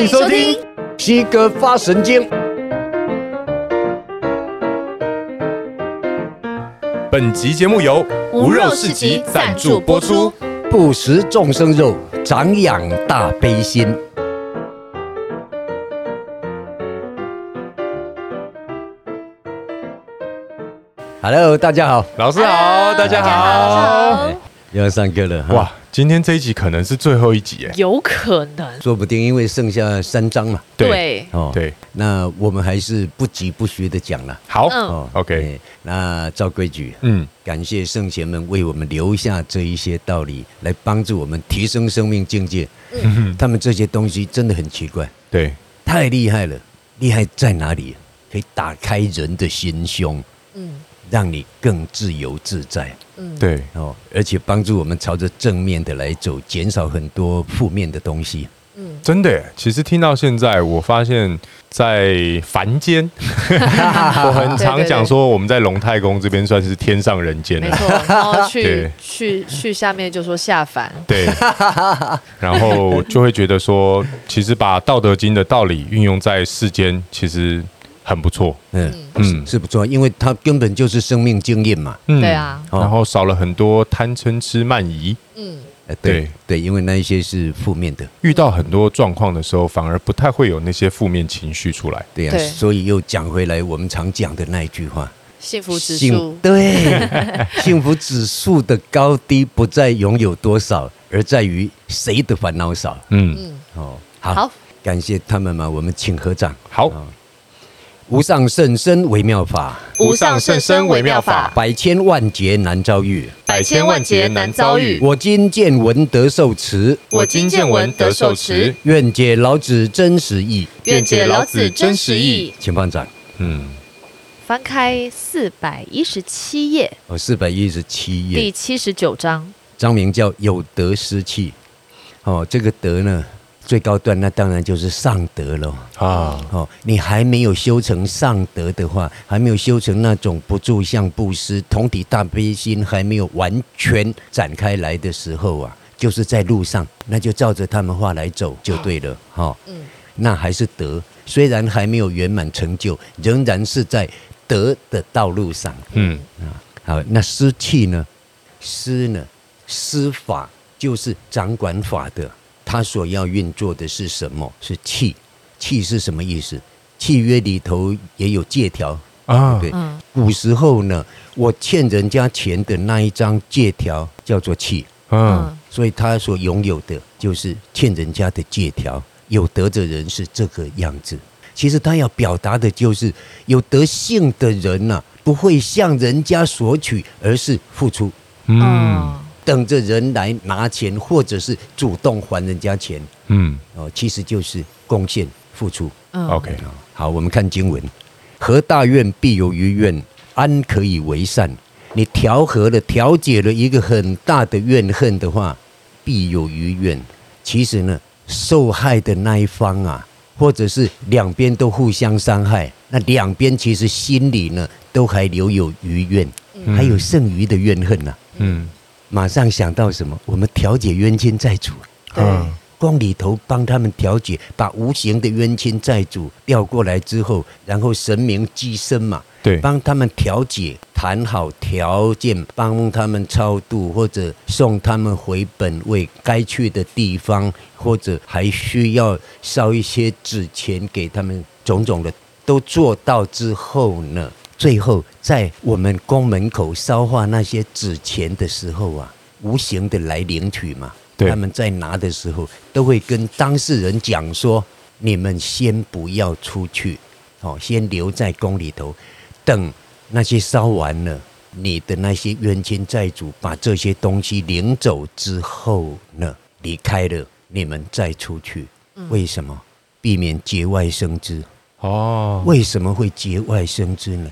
歡迎收聽西哥發神經。本集節目由無肉市集贊助播出。不食眾生肉，長養大悲心。Hello，大家好，老師好，大家好，哎、又要上課了哈。今天這一集可能是最後一集，有可能，說不定，因為剩下三章嘛，對，哦，對，那我們還是不疾不徐的講了。好，嗯、哦，OK、欸。那照規矩，嗯，感謝聖賢們為我們留下這一些道理，來幫助我們提升生命境界，嗯嗯。他們這些東西真的很奇怪，對，太厲害了，厲害在哪裡？可以打開人的心胸。嗯。讓你更自由自在，嗯，對哦，而且幫助我們朝着正面的來走，減少很多負面的東西，嗯，真的耶。其實聽到現在，我發現在凡間， 我很常講說，我們在龍太公這邊算是天上人間了。 沒錯，然後去 去去下面就說下凡， 對，然後就會覺得說，其實把道德經的道理運用在世間，其實。很不錯，嗯嗯，是，是不錯，因為他根本就是生命經驗嘛，嗯對啊，嗯，然後少了很多貪嗔癡慢疑，嗯，呃、對對，對，對，因為那一些是負面的，遇到很多狀況的時候，反而不太會有那些負面情緒出來，對啊，對，所以又講回來，我們常講的那一句話，幸福指數，對 幸福指數的高低，不在擁有多少，而在於誰的煩惱少，嗯嗯哦，好，好，感謝他們嘛，我們請合掌，好。哦無上甚深微妙法，無上甚深微妙法，百千萬劫難遭遇，百千萬劫難遭遇。我今見聞得受持，我今見聞得受持，願解老子真實意，願解老子真實意。請放掌，嗯，翻開四百一十七頁哦，四百一十七頁，第七十九章，章名叫《有德司契》。哦，這個德呢？最高端，那當然就是上德了啊！Oh. 你還沒有修成上德的話，還沒有修成那種不住相布施同體大悲心，還沒有完全展開來的時候啊，就是在路上，那就照着他們話來走就對了。嗯、oh. oh.，mm. 那還是德，雖然還沒有圓滿成就，仍然是在德的道路上。嗯啊，好，那司契呢？司呢？司法就是掌管法的。他所要運作的是什麼？是契，契是什麼意思？契約裡頭也有借條啊，對，古時候呢，我欠人家錢的那一張借條叫做契，嗯，所以他所擁有的就是欠人家的借條。有德的人是這個樣子，其實他要表達的就是有德性的人吶，不會向人家索取，而是付出，嗯。等着人來拿錢，或者是主動還人家錢，嗯，哦，其實就是貢獻付出。OK，好，我們看經文，和大怨必有餘怨，安可以為善？你調和了、調解了一個很大的怨恨的話，必有餘怨。其實呢，受害的那一方啊，或者是兩邊都互相傷害，那兩邊其實心裡呢，都還留有餘怨，嗯、還有剩餘的怨恨吶、啊，嗯。嗯馬上想到什麼？我們調解冤親債主，嗯，宮裡頭幫他們調解，把無形的冤親債主調過來之後，然後神明寄身嘛，對，幫他們調解，談好條件，幫他們超度或者送他們回本位該去的地方，或者還需要燒一些紙錢給他們，種種的都做到之後呢？最後，在我們宮門口燒化那些紙錢的時候啊，無形的來領取嘛。對。他們在拿的時候，都會跟當事人講說：“你們先不要出去，哦，先留在宮裡頭，等那些燒完了，你的那些冤親債主把這些東西領走之後呢，離開了，你們再出去。嗯。為什麼？避免節外生枝。哦，為什麼會節外生枝呢？”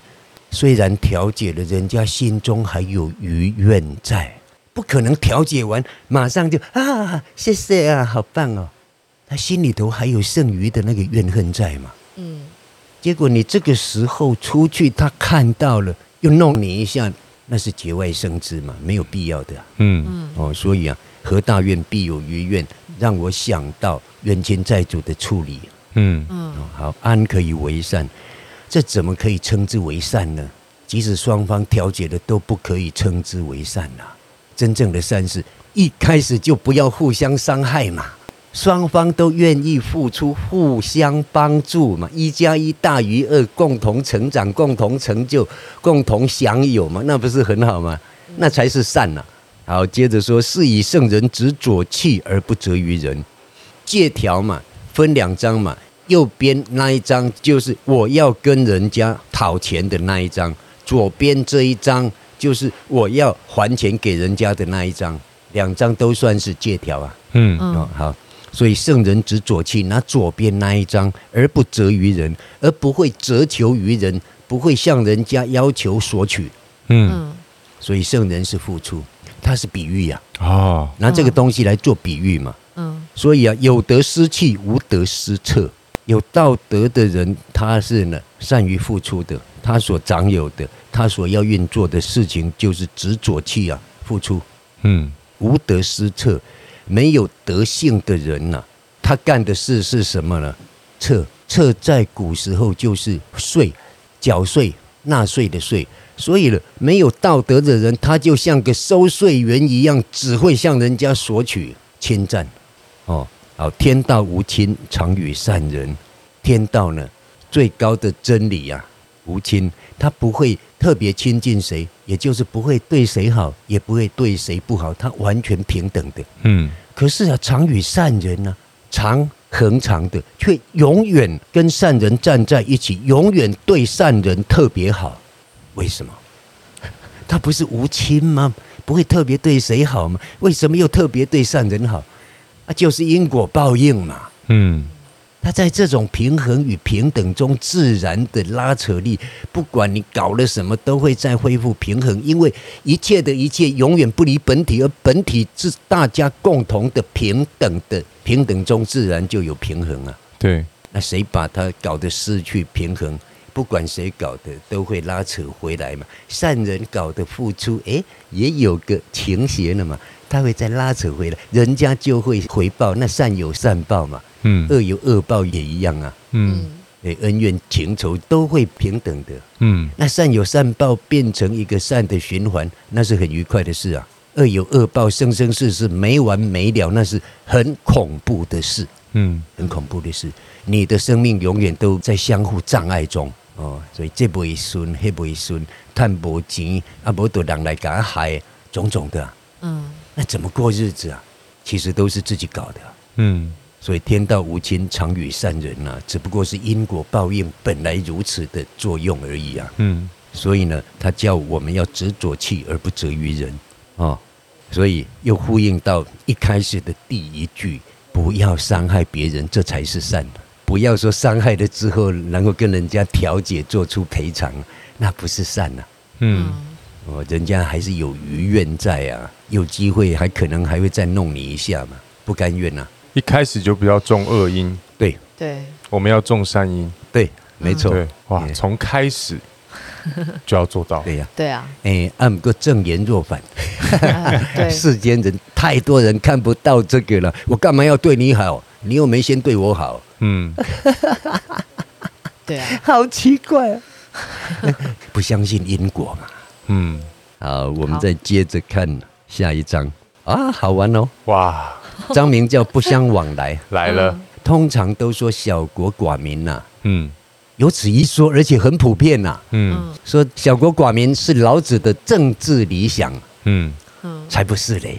雖然調解了，人家心中還有餘怨在，不可能調解完馬上就啊，謝謝啊，好棒哦。他心裡頭還有剩餘的那個怨恨在嘛？嗯。結果你這個時候出去，他看到了又弄你一下，那是節外生枝嘛，沒有必要的。嗯嗯。哦，所以啊，和大怨必有餘怨，讓我想到冤親債主的處理。嗯嗯。好，安可以為善。這怎麼可以稱之為善呢？即使雙方調解的都不可以稱之為善吶。真正的善是一開始就不要互相傷害嘛，雙方都願意付出，互相幫助嘛，一加一大於二，共同成長，共同成就，共同享有嘛，那不是很好嗎？那才是善吶。好，接着說，是以聖人執左契而不責於人，借條嘛，分兩張嘛。右邊那一張就是我要跟人家討錢的那一張，左邊這一張就是我要還錢給人家的那一張，兩張都算是借條啊。嗯，oh, 好，所以聖人執左契，拿左邊那一張，而不責於人，而不會責求於人，不會向人家要求索取。嗯，所以聖人是付出，他是比喻呀、啊。哦，拿這個東西來做比喻嘛。嗯，所以啊，有德司契，無德司策。有道德的人，他是呢善於付出的。他所掌有的，他所要運作的事情，就是執着契啊，付出。嗯，無德司徹，沒有德性的人呢、啊，他幹的事是什麼呢？徹，徹在古時候就是稅，繳稅、納稅的稅。所以呢，沒有道德的人，他就像個收稅員一樣，只會向人家索取侵佔，哦。好，天道無親，常與善人。天道呢，最高的真理呀、啊，無親，他不會特別親近誰，也就是不會對誰好，也不會對誰不好，他完全平等的。嗯。可是啊，常與善人呢、啊，常恆常的，卻永遠跟善人站在一起，永遠對善人特別好。為什麼？他不是無親嗎？不會特別對誰好嗎？為什麼又特別對善人好？那、啊、就是因果報應嘛。嗯，他在這種平衡與平等中自然的拉扯力，不管你搞了什麼，都會再恢復平衡，因為一切的一切永遠不離本體，而本體是大家共同的平等的，平等中自然就有平衡啊。對，那誰把它搞得失去平衡？不管誰搞的，都會拉扯回來嘛。善人搞的付出，誒，也有個傾斜了嘛。他會再拉扯回來，人家就會回報，那善有善報嘛，嗯，惡有惡報也一樣啊，嗯、欸，恩怨情仇都會平等的，嗯，那善有善報變成一個善的循環，那是很愉快的事啊。惡有惡報，生生世世沒完沒了，那是很恐怖的事，嗯，很恐怖的事。你的生命永遠都在相互障礙中，哦，所以這輩孫，那輩孫，賺無錢，啊，無得人來甲害，種種的、啊，嗯。那怎麼過日子啊？其實都是自己搞的、啊。嗯，所以天道無親，常與善人吶、啊。只不過是因果報應本來如此的作用而已啊。嗯，所以呢，他叫我們要執左契而不責於人啊、哦。所以又呼應到一開始的第一句，不要傷害別人，這才是善的、啊。不要說傷害了之後，然後跟人家調解，做出賠償，那不是善了、啊。嗯。嗯人家還是有餘怨在啊，有機會還可能還會再弄你一下嘛，不甘願吶、啊。一開始就不要種惡因，對對，我們要種善因，對，沒錯，對，哇，嗯、從開始就要做到，對呀、啊，對啊，哎，按、啊、個正言若反、 啊，對，世間人太多人看不到這個了，我幹嘛要對你好？你又沒先對我好，嗯，對啊，好奇怪啊， 不相信因果嘛。嗯，好，我們再接着看下一章啊，好玩哦，哇，章名叫《不相往來》 來了、嗯。通常都說小國寡民吶、啊，嗯，有此一說，而且很普遍吶、啊，嗯，說小國寡民是老子的政治理想，嗯，才不是嘞，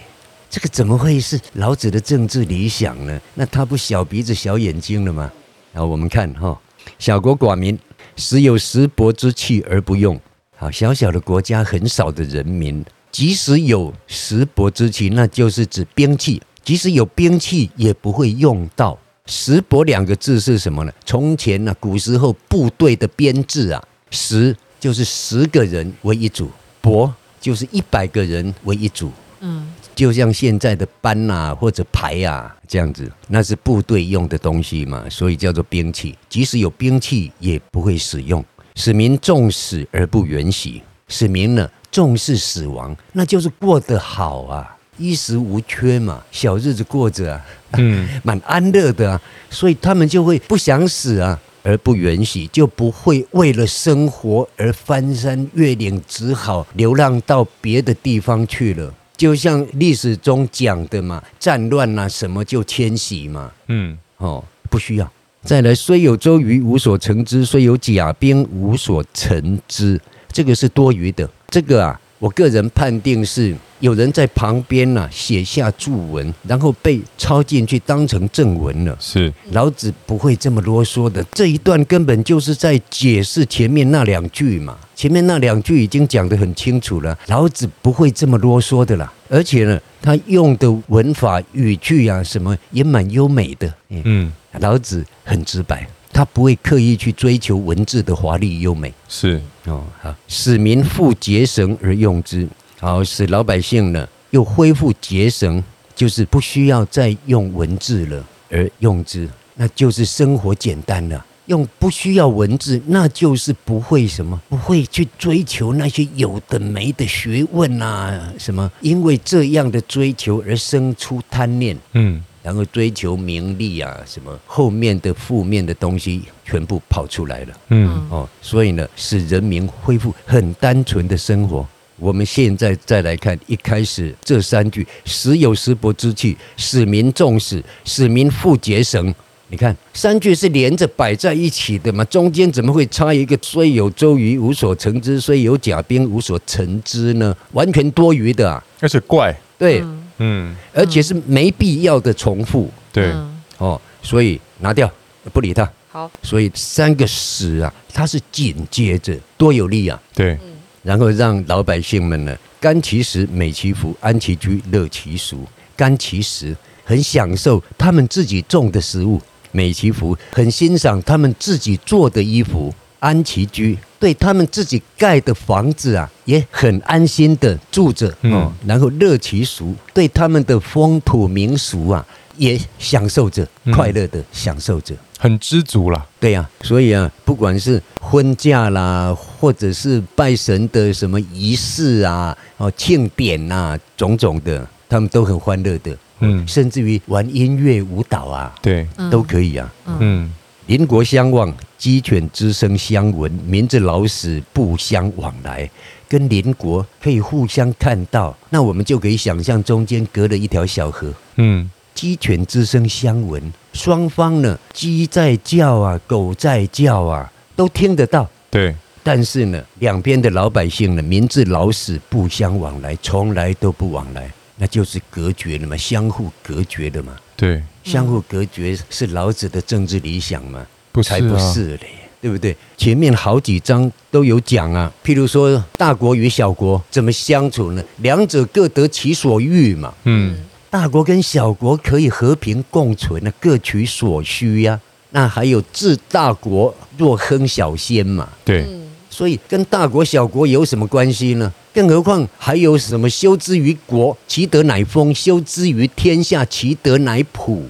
這個怎麼會是老子的政治理想呢？那他不小鼻子小眼睛了嗎？好，我們看哈、哦，小國寡民，使有什伯之器而不用。好小小的國家，很少的人民，即使有什伯之器，那就是指兵器。即使有兵器，也不會用到。“什伯”兩個字是什麼呢？從前呢、啊，古時候部隊的編制啊，十就是十個人為一組，伯就是一百個人為一組。嗯，就像現在的班啊或者排啊這樣子，那是部隊用的東西嘛，所以叫做兵器。即使有兵器，也不會使用。使民重死而不遠徙，使民呢，重視死亡，那就是過得好啊，衣食無缺嘛，小日子過着、啊啊，嗯，蠻安樂的啊，所以他們就會不想死啊，而不遠徙，就不會為了生活而翻山越嶺，只好流浪到別的地方去了。就像歷史中講的嘛，戰亂啊什麼就遷徙嘛，嗯，哦，不需要。再來，雖有舟輿，無所乘之；雖有甲兵，無所陳之。這個是多餘的。這個啊，我個人判定是有人在旁邊呢、啊、寫下注文，然後被抄進去當成正文了。是老子不會這麼囉嗦的。這一段根本就是在解釋前面那兩句嘛。前面那兩句已經講得很清楚了，老子不會這麼囉嗦的啦。而且呢，他用的文法語句啊什麼也蠻優美的。嗯。老子很直白，他不會刻意去追求文字的華麗優美。是哦，好，使民復結繩而用之。好，使老百姓呢又恢復結繩，就是不需要再用文字了，而用之，那就是生活簡單了。用不需要文字，那就是不會什麼，不會去追求那些有的沒的學問啊。什麼？因為這樣的追求而生出貪念。嗯。然後追求名利啊，什麼後面的負面的東西全部跑出來了。嗯哦，所以呢，使人民恢復很單純的生活。嗯、我們現在再來看一開始這三句：“使有什伯之器，使民重死，使民復結繩。你看，三句是連着擺在一起的嘛？中間怎麼會插一個“雖有舟輿無所乘之，雖有甲兵無所陳之”呢？完全多餘的啊！那是怪對。嗯嗯，而且是沒必要的重複，對，哦，所以拿掉，不理他。好，所以三個食啊，它是緊接着，多有力啊，對、嗯，然後讓老百姓們呢，甘其食，美其服，安其居，樂其俗。甘其食，很享受他們自己種的食物；美其服，很欣賞他們自己做的衣服；安其居。對他們自己蓋的房子啊，也很安心的住着，嗯，然後樂其俗，對他們的風土民俗啊，也享受着，嗯、快樂的享受着，很知足啦。對呀、啊，所以啊，不管是婚嫁啦，或者是拜神的什麼儀式啊，哦，慶典吶、啊，種種的，他們都很歡樂的，嗯，哦、甚至於玩音樂舞蹈啊，對、嗯，都可以啊，嗯。嗯鄰國相望，雞犬之聲相聞，民至老死不相往來。跟鄰國可以互相看到，那我們就可以想象中間隔了一條小河。嗯，雞犬之聲相聞，雙方呢，雞在叫啊，狗在叫啊，都聽得到。對，但是呢，兩邊的老百姓呢，民至老死不相往來，從來都不往來，那就是隔絕了嘛，相互隔絕了嘛。對，相互隔絕是老子的政治理想嗎？不、嗯、是，才不是嘞，不是、啊，對不對？前面好幾章都有講啊，譬如說大國與小國怎麼相處呢？兩者各得其所欲嘛。嗯，大國跟小國可以和平共存的、啊，各取所需呀、啊。那還有治大國若烹小鮮嘛、嗯？對。所以跟大國小國有什麼關係呢？更何況還有什麼“修之於國，其德乃豐；修之於天下，其德乃普”，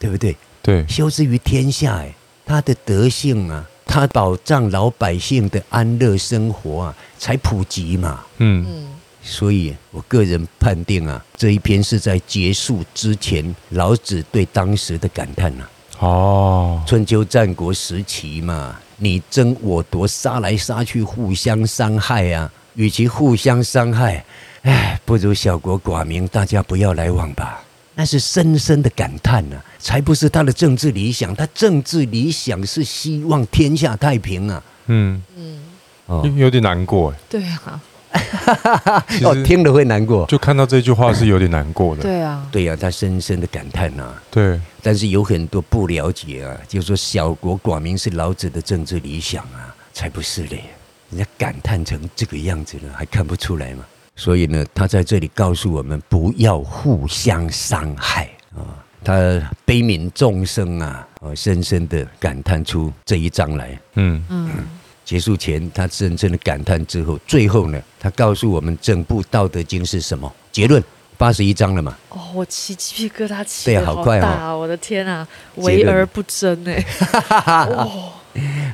對不對？對，修之於天下，哎，他的德性啊，他保障老百姓的安樂生活啊，才普及嘛。嗯，所以我個人判定啊，這一篇是在結束之前，老子對當時的感嘆啊。哦、oh.，春秋戰國時期嘛，你爭我奪，殺來殺去，互相傷害啊！與其互相傷害，唉，不如小國寡民，大家不要來往吧。那是深深的感嘆吶、啊，才不是他的政治理想。他政治理想是希望天下太平啊。嗯嗯，oh. 有點難過。對啊。哈哈！哦，聽了會難過。就看到這句話是有點難過的。對啊，對啊，他深深的感嘆吶。對。但是有很多不了解啊，就是說“小國寡民”是老子的政治理想啊，才不是嘞！人家感嘆成這個樣子了，還看不出來嗎？所以呢，他在這裡告訴我們，不要互相傷害啊！他悲憫眾生啊，啊，深深的感嘆出這一章來。嗯嗯。結束前，他真正的感嘆之後，最後呢，他告訴我們整部《道德經》是什麼結論？八十一章了嘛？哦，我起雞皮疙瘩，他起得好快啊！我的天啊，為、啊哦、而不爭哎 、哦！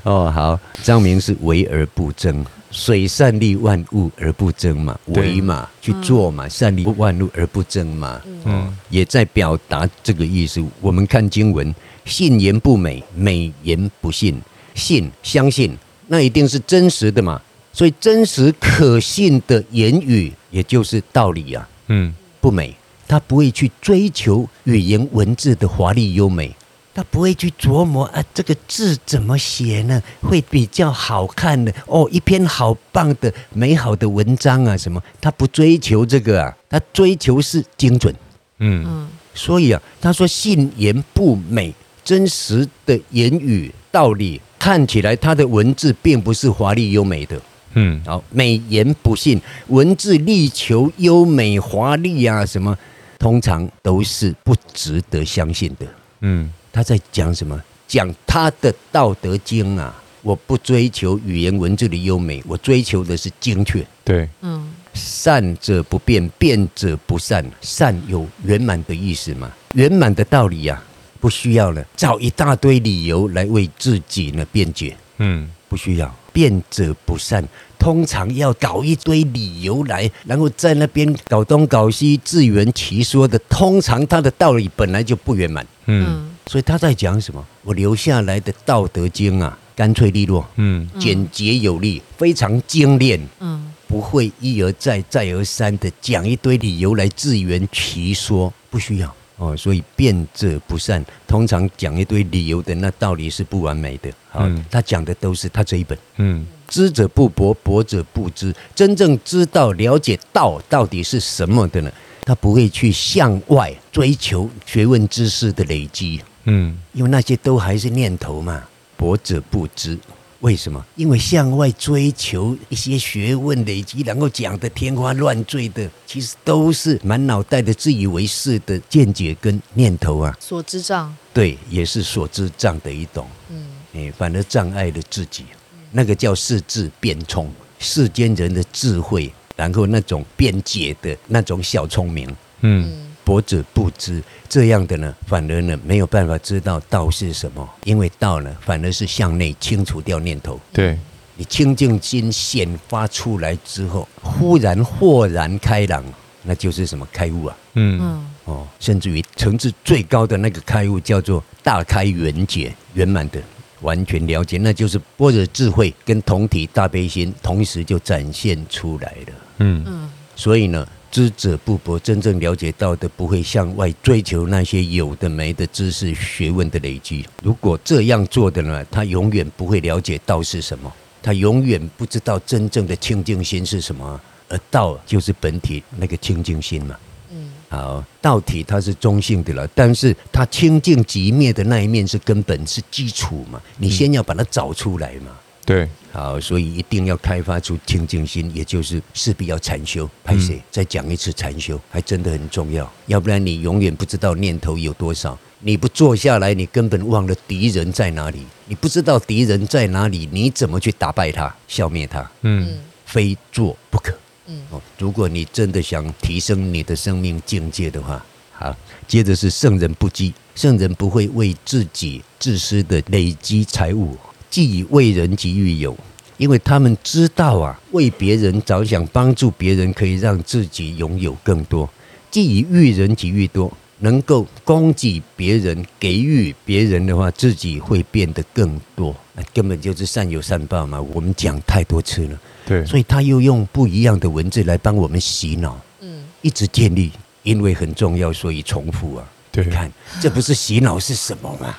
哦，好，章名是“為而不爭”， 水善利萬物而不爭嘛，為嘛去做嘛？嗯、善利萬物而不爭嘛嗯？嗯，也在表達這個意思。我們看經文，信言不美，美言不信，信相信。那一定是真實的嘛？所以真實可信的言語，也就是道理呀。嗯，不美，他不會去追求語言文字的華麗優美，他不會去琢磨啊，這個字怎麼寫呢？會比較好看的哦，一篇好棒的、美好的文章啊，什麼？他不追求這個啊，他追求是精準。嗯，所以啊，他說信言不美，真實的言語道理。看起來他的文字並不是華麗優美的，嗯，好，美言不信，文字力求優美華麗啊，什麼，通常都是不值得相信的，嗯，他在講什麼？講他的《道德經》啊，我不追求語言文字的優美，我追求的是精確，對，嗯，善者不辯，辯者不善，善有圓滿的意思嘛，圓滿的道理呀、啊。不需要了，找一大堆理由來為自己呢辯解。嗯，不需要，辯者不善，通常要搞一堆理由來，然後在那邊搞東搞西，自圓其說的。通常他的道理本來就不圓滿。嗯，所以他在講什麼？我留下來的《道德經》啊，乾脆利落，嗯，簡潔有力，非常精煉。嗯，不會一而再、再而三的講一堆理由來自圓其說，不需要。哦，所以辯者不善，通常講一堆理由的那道理是不完美的。好，嗯，他講的都是他這一本。嗯，知者不博，博者不知。真正知道、了解道到底是什麼的呢？他不會去向外追求學問知識的累積。嗯，因為那些都還是念頭嘛。博者不知。為什麼？因為向外追求一些學問累積，然後講得天花亂墜的，其實都是滿腦袋的自以為是的見解跟念頭啊。所知障。對，也是所知障的一種。嗯，哎，反而障礙了自己。那個叫世智辯聰，世間人的智慧，然後那種辯解的那種小聰明。嗯。嗯博者不知，這樣的呢，反而呢沒有辦法知道道是什麼，因為道呢反而是向內清除掉念頭。對，你清淨心顯發出來之後，忽然豁然開朗，那就是什麼開悟啊？嗯哦，甚至於層次最高的那個開悟叫做大開圓解，圓滿的完全了解，那就是般若智慧跟同體大悲心同時就展現出來了。嗯嗯，所以呢。知者不博，真正了解道的不會向外追求那些有的沒的知識、學問的累積。如果這樣做的呢，他永遠不會了解道是什麼，他永遠不知道真正的清淨心是什麼。而道就是本體那個清淨心嘛。嗯，好，道體它是中性的了，但是它清淨寂滅的那一面是根本是基礎嘛，嗯、你先要把它找出來嘛。對，好，所以一定要開發出清淨心，也就是勢必要禪修。潘誰、嗯、再講一次禪修，還真的很重要。要不然你永遠不知道念頭有多少。你不坐下來，你根本忘了敵人在哪裡。你不知道敵人在哪裡，你怎麼去打敗他、消滅他？嗯，非做不可。嗯，哦，如果你真的想提升你的生命境界的話，好，接着是聖人不積，聖人不會為自己自私的累積財物。既以為人己愈有，因為他們知道啊，為別人着想，幫助別人可以讓自己擁有更多。既以與人己愈多，能夠供給別人，給予別人的話，自己會變得更多。根本就是善有善報嘛。我們講太多次了，所以他又用不一樣的文字來幫我們洗腦。嗯，一直建立，因為很重要，所以重複啊。你看，這不是洗腦是什麼嗎？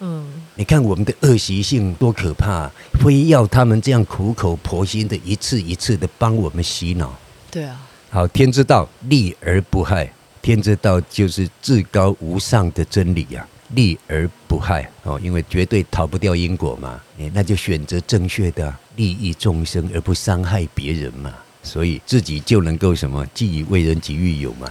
嗯，你看我們的惡習性多可怕啊，非要他們這樣苦口婆心的一次一次的幫我們洗腦。對啊，好，天之道，利而不害，天之道就是至高無上的真理啊，利而不害哦，因為絕對逃不掉因果嘛，欸，那就選擇正確的啊，利益眾生而不傷害別人嘛。所以自己就能夠什麼，既以為人，己愈有嘛。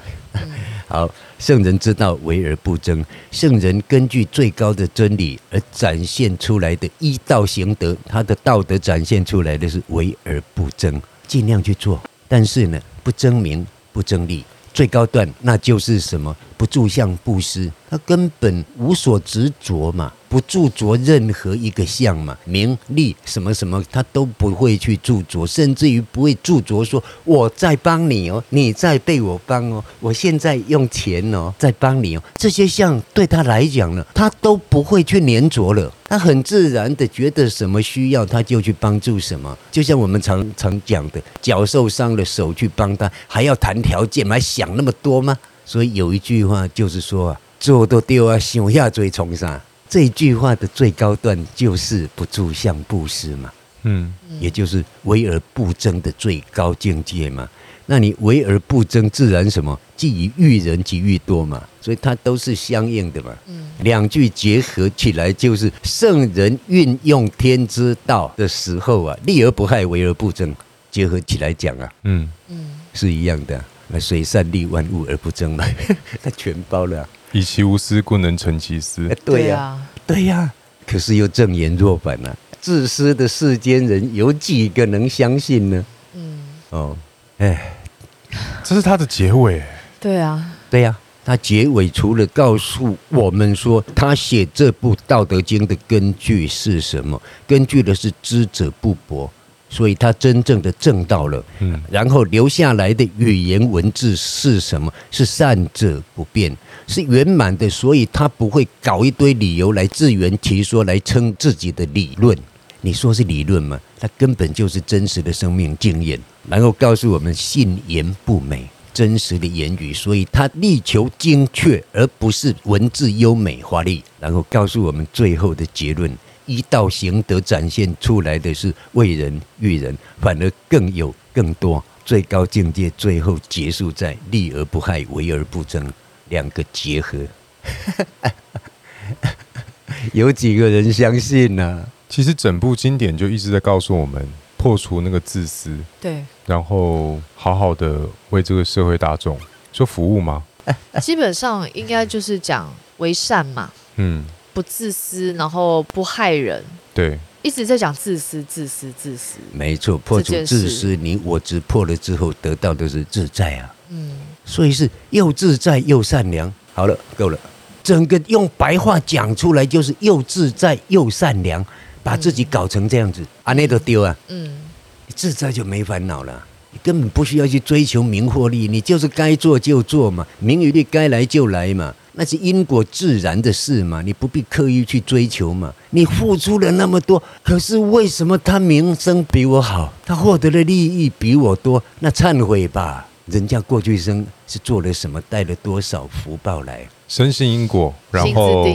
好，聖人之道為而不爭。聖人根據最高的真理而展現出來的醫道行德，他的道德展現出來的是為而不爭，盡量去做，但是呢，不爭名，不爭利。最高段那就是什麼？不住相布施，他根本無所執着嘛，不住著任何一個相嘛，名利什麼什麼，他都不會去住著，甚至於不會住著說我在幫你哦，你在被我幫哦，我現在用錢哦在幫你哦，這些相對他來講呢，他都不會去黏着了，他很自然的覺得什麼需要他就去幫助什麼，就像我們常常講的，腳受傷了手去幫他，還要談條件嗎？還想那麼多嗎？所以有一句話就是說啊，做都丟啊，想下最從上。這句話的最高段就是不住相布施嘛，嗯，也就是為而不爭的最高境界嘛。那你為而不爭，自然什麼既以育人，及育多嘛。所以它都是相應的嘛。嗯，兩句結合起來就是聖人運用天之道的時候啊，利而不害，為而不爭，結合起來講啊，嗯嗯，是一樣的。水善利萬物而不爭嘛， 他全包了，啊。以其無私，故能成其私。對呀，啊，對呀，啊。啊啊，可是又正言若反呢？自私的世間人有幾個能相信呢？嗯，哦，哎，這是他的結尾。對啊，對呀，啊。他結尾除了告訴我們說，他寫這部《道德經》的根據是什麼？根據的是知者不博。所以他真正的證到了、嗯，然後留下來的語言文字是什麼？是善者不辯，是圓滿的，所以他不會搞一堆理由來自圓其說來稱自己的理論。你說是理論嗎？他根本就是真實的生命經驗，然後告訴我們信言不美，真實的言語，所以他力求精確，而不是文字優美華麗，然後告訴我們最後的結論。一道行德，展現出來的是為人與人，反而更有更多最高境界，最後結束在利而不害、為而不爭兩個結合。 有幾個人相信呢、啊？其實整部經典就一直在告訴我們，破除那個自私，對，然後好好的為這個社會大眾做服務嘛。基本上應該就是講為善嘛。嗯。不自私，然後不害人，對，一直在講自私、自私、自私，沒錯，破除自私，你我之破了之後得到的是自在啊，嗯，所以是又自在又善良。好了，夠了，整個用白話講出來就是又自在又善良，把自己搞成這樣子，啊、嗯，那都丟啊，嗯，你自在就沒煩惱了，你根本不需要去追求名或利，你就是該做就做嘛，名與利該來就來嘛。那是因果自然的事嘛，你不必刻意去追求嘛。你付出了那麼多，可是為什麼他名聲比我好，他獲得的利益比我多？那懺悔吧，人家過去生是做了什麼，帶了多少福報來？深信因果，然後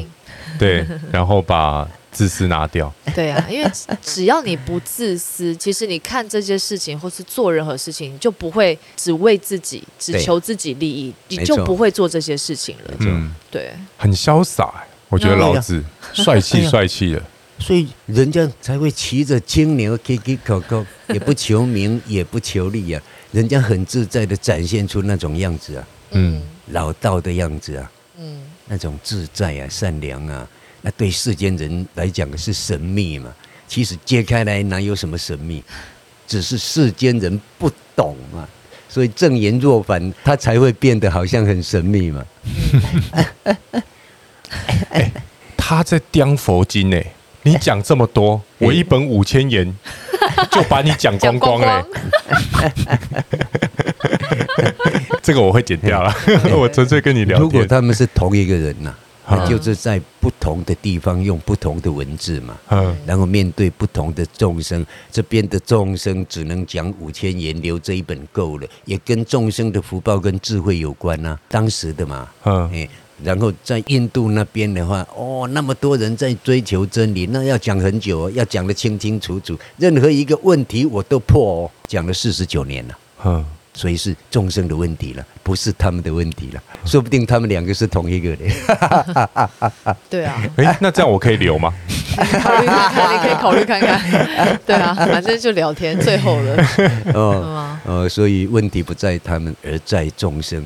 對，然後把，自私拿掉，對啊，因為只要你不自私，其實你看這些事情或是做任何事情，你就不會只為自己，只求自己利益，你就不會做這些事情了。就、嗯、對，很瀟灑，我覺得老子、嗯那個、帥氣帥氣的，嗯那個、 所以人家才會騎着青牛，咳咳咳咳也不求名， 也不求利啊，人家很自在的展現出那種樣子啊，嗯，老道的樣子啊，嗯，那種自在啊，善良啊。那對世間人來講是神秘嘛？其實揭開來哪有什麼神秘，只是世間人不懂嘛，所以正言若反，他才會變得好像很神秘嘛。 欸、他在講佛經哎，你講這麼多，我一本五千言就把你講光光嘞。 這個我會剪掉了， 我純粹跟你聊天。如果他們是同一個人呢、啊？啊、他就是在不同的地方用不同的文字嘛，嗯、啊，然後面對不同的眾生，這邊的眾生只能講五千言，留這一本夠了，也跟眾生的福報跟智慧有關呢、啊。當時的嘛，嗯、啊哎，然後在印度那邊的話，哦，那麼多人在追求真理，那要講很久、哦，要講得清清楚楚，任何一個問題我都破哦，講了四十九年了，啊所以是眾生的問題了，不是他們的問題了。說不定他們兩個是同一個人。 對啊。誒、欸，那這樣我可以留嗎？你考慮看看， 你可以考慮看看。 對啊，反正就聊天， 最後了。 哦。呃、哦，所以問題不在他們，而在眾生；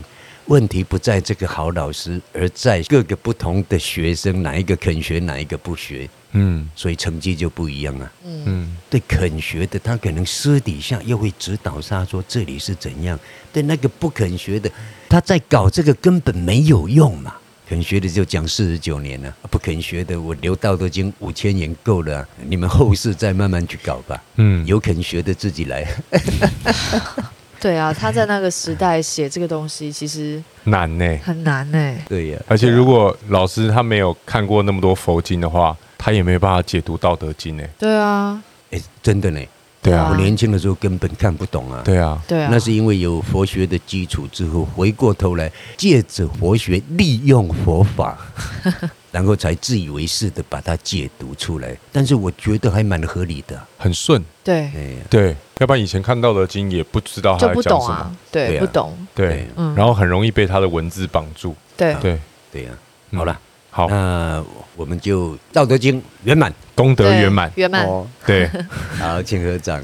問題不在這個好老師，而在各個不同的學生，哪一個肯學，哪一個不學。嗯，所以成績就不一樣了、啊。嗯，對，肯學的他可能私底下又會指導他，說這裡是怎樣。對那個不肯學的、嗯，他在搞這個根本沒有用啊。肯學的就講四十九年了、啊，不肯學的我留《道德經》五千年夠了、啊，你們後世再慢慢去搞吧。嗯，有肯學的自己來。 嗯、對啊，他在那個時代寫這個東西其實難呢、欸欸，很難呢、欸。對呀、啊，而且如果老師他沒有看過那麼多佛經的話。他也沒辦法解讀《道德經》呢。對啊，哎、欸，真的呢。對啊，我年輕的時候根本看不懂啊。對啊，對啊，那是因為有佛學的基礎之後，回過頭來借着佛學利用佛法， 然後才自以為是的把它解讀出來。但是我覺得還蠻合理的、啊，很順。對、啊對，啊對啊，對，要不然以前看《道德經》也不知道他講什麼、啊對，對，不懂。對，對，對、啊嗯，然後很容易被他的文字綁住。對，對，對啊。好、嗯、了，好那。我們就《道德經》圓滿功德圓滿圓滿，對，哦、對 好，請合掌。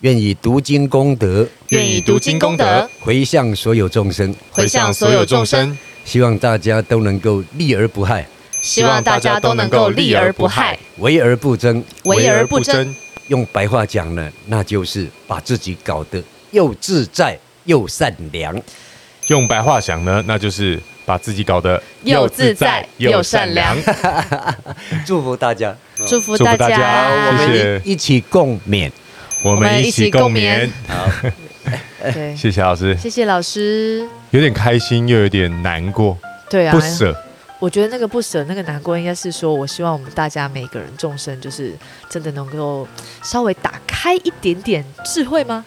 願以讀經功德，願以讀經功德迴向所有眾生，迴向所有眾生。希望大家都能夠利而不害，希望大家都能夠利而不害，為而不，為而不爭，為而不爭。用白話講呢，那就是把自己搞得又自在又善良。用白話講呢，那就是。把自己搞得又自在又善良，善良 祝福大家，祝福大家，大家我們一，謝謝一起共勉，我們一起共勉，好，謝謝老師，謝謝老師，有點開心又有點難過，對啊，不捨，我覺得那個不捨，那個難過，應該是說我希望我們大家每個人眾生，就是真的能夠稍微打開一點點智慧嗎？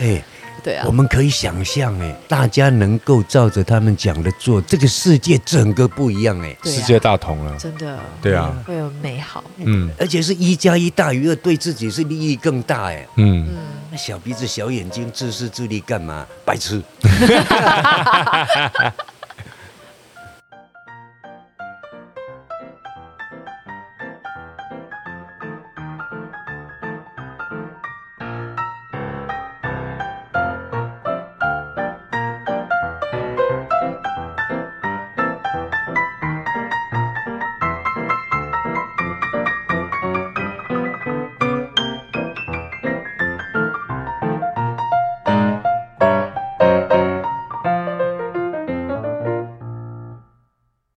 哎、 欸。對啊，我們可以想象，哎，大家能夠照着他們講的做，這個世界整個不一樣，哎，啊，世界大同了，真的，對啊，對啊，會有美好，嗯，而且是一加一大於二，對自己是利益更大，哎，嗯，那小鼻子小眼睛，自私自利幹嘛，白痴。